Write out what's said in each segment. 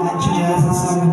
አንቺ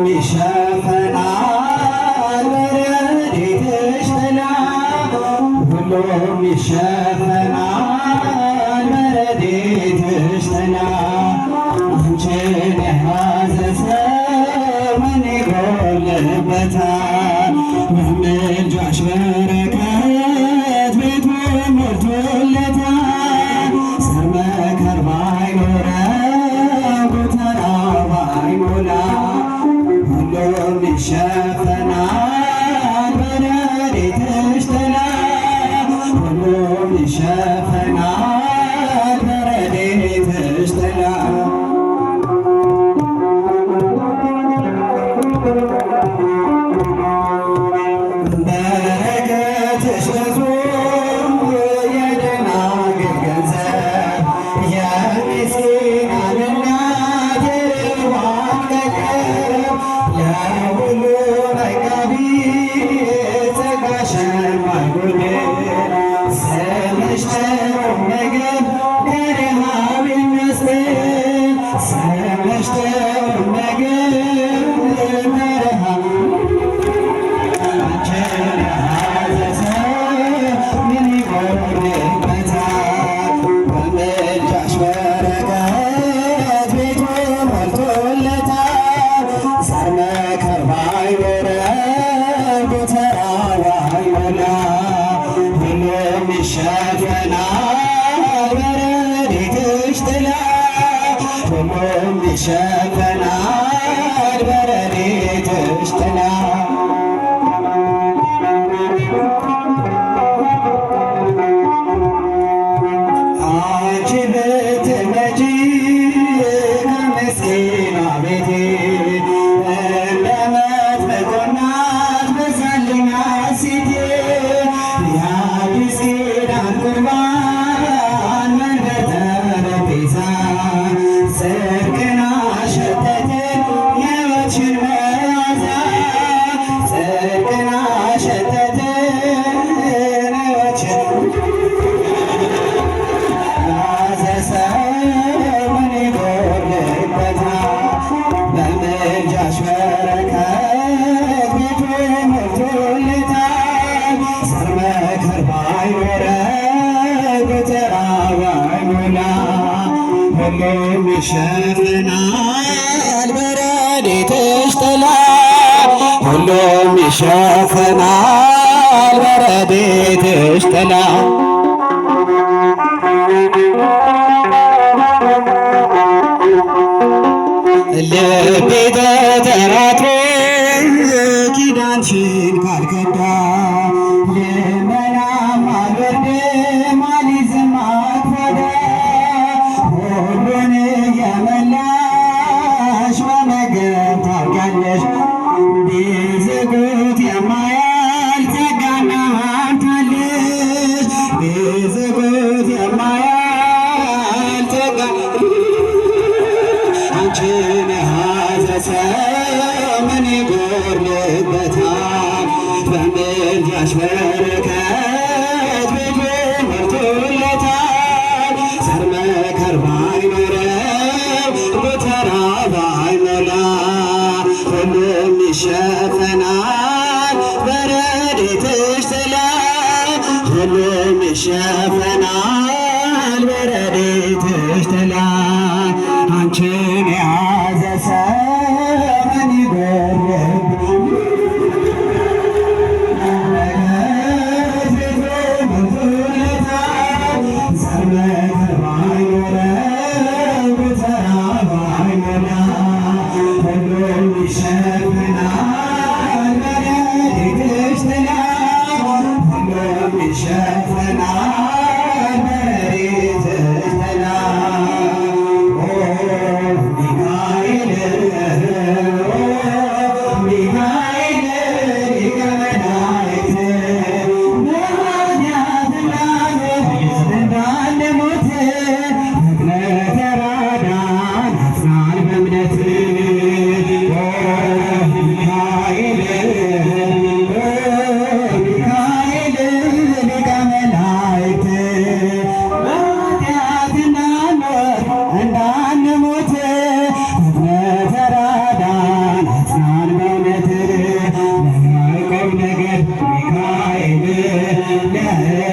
米夏，他。ይሸፍናል በረድኤትሽ ጥላ ሁሉም ይሸፍናል በረድኤትሽ ጥላ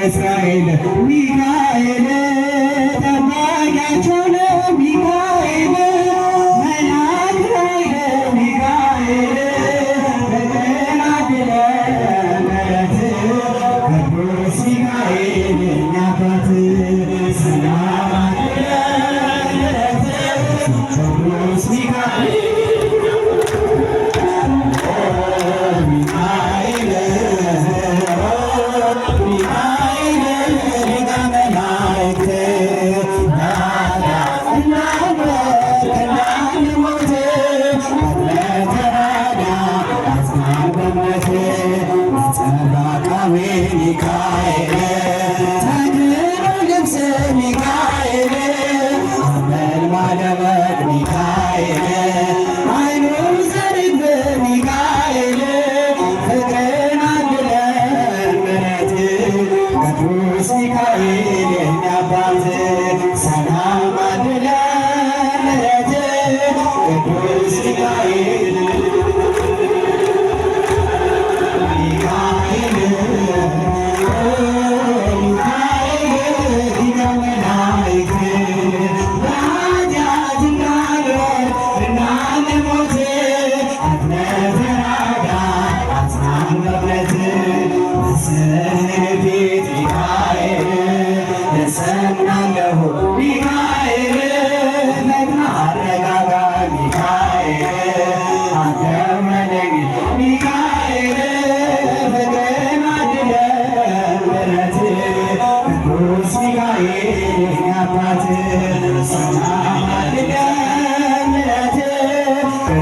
Israel. We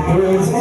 praise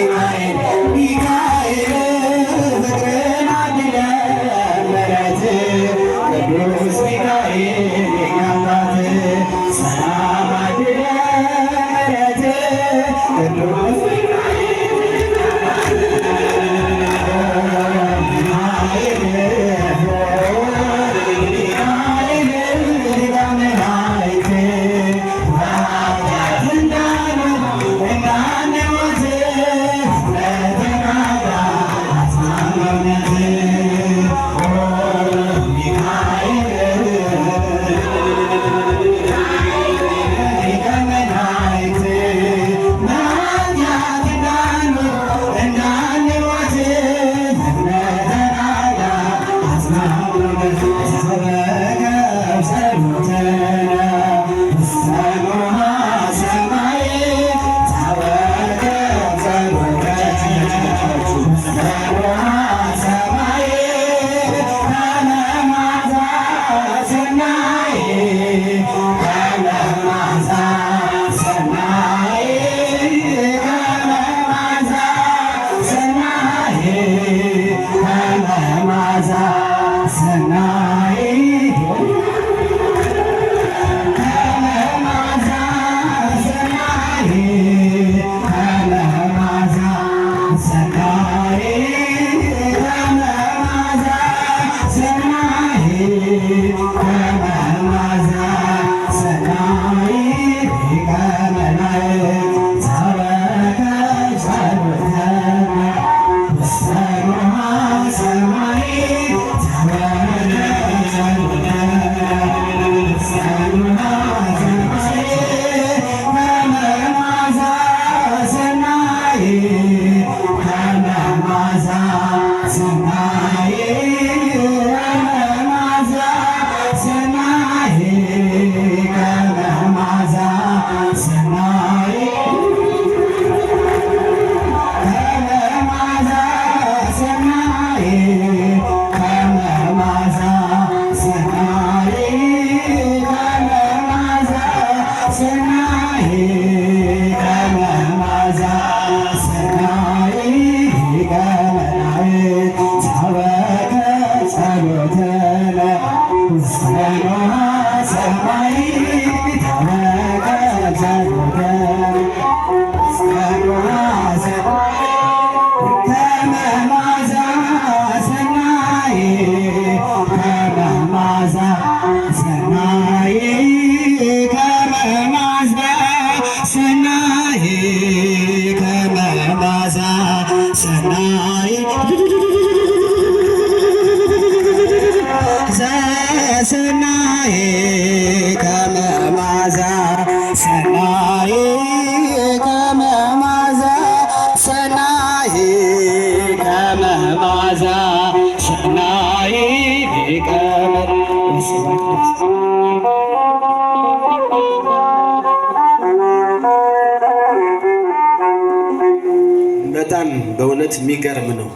I. እውነት የሚገርም ነው።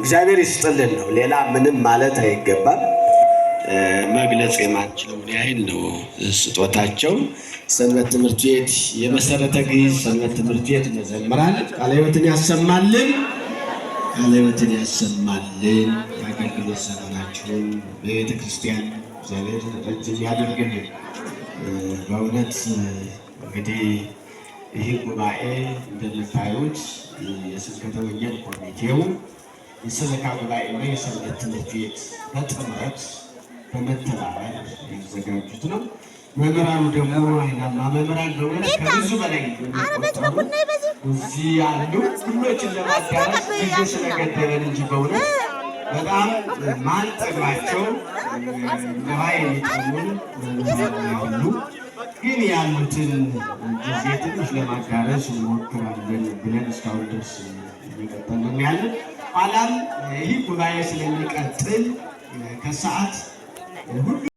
እግዚአብሔር ይስጥልን ነው። ሌላ ምንም ማለት አይገባም። መግለጽ የማንችለውን ያህል ነው ስጦታቸው። ሰንበት ትምህርት ቤት የመሰረተ ጊዜ ሰንበት ትምህርት ቤት መዘምራን ቃለ ሕይወትን ያሰማልን፣ ቃለ ሕይወትን ያሰማልን። የአገልግሎት ዘመናችሁን በቤተ ክርስቲያን እግዚአብሔር ረጅም ያደርግልን። በእውነት እንግዲህ ይህ ጉባኤ እንደምታዩት የስብከተ ወንጌል ኮሚቴው የሰበካ ጉባኤና የሰንበት ትምህርት ቤት በጥምረት በመተባበር ያዘጋጁት ነው። መምህራኑ ደግሞ አይናማ መምህራን በእውነት ከብዙ በላይ የሚቆጠሩ እዚህ ያሉ ሁሎችን ለማዳረስ ጊዜ ስለገደበን እንጂ በእውነት በጣም ማንጠግባቸው ውሃ የሚጠሙን ሁሉ ግን ያሉትን ጊዜ ትንሽ ለማጋረስ እንሞክራለን ብለን እስካሁን ድረስ እየቀጠልን ያለን ኋላም ይህ ጉባኤ ስለሚቀጥል ከሰዓት